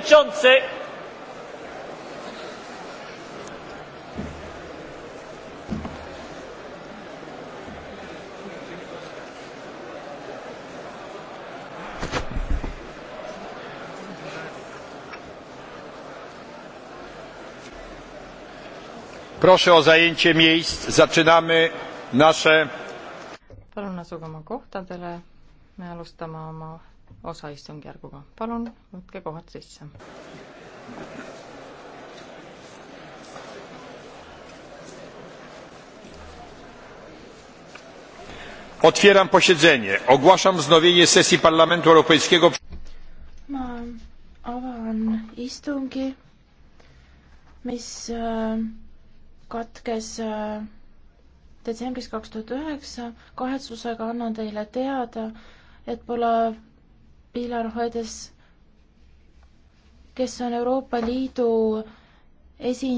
przewodniczący! Proszę o zajęcie miejsc. Zaczynamy nasze. Palun asuge oma kohtadele. Me alustame oma osa istungjärguga. palun võtke kohad sisse. Otwieram posiedzenie. Ogłaszam wznowienie sesji Parlamentu Europejskiego. Ma avan istungi, mis äh, katkes äh, detsembris kaks tuhat üheksa. kahetsusega annan teile teada, et pole Pilar Hoedes, kes on Euroopa Liidu esi-.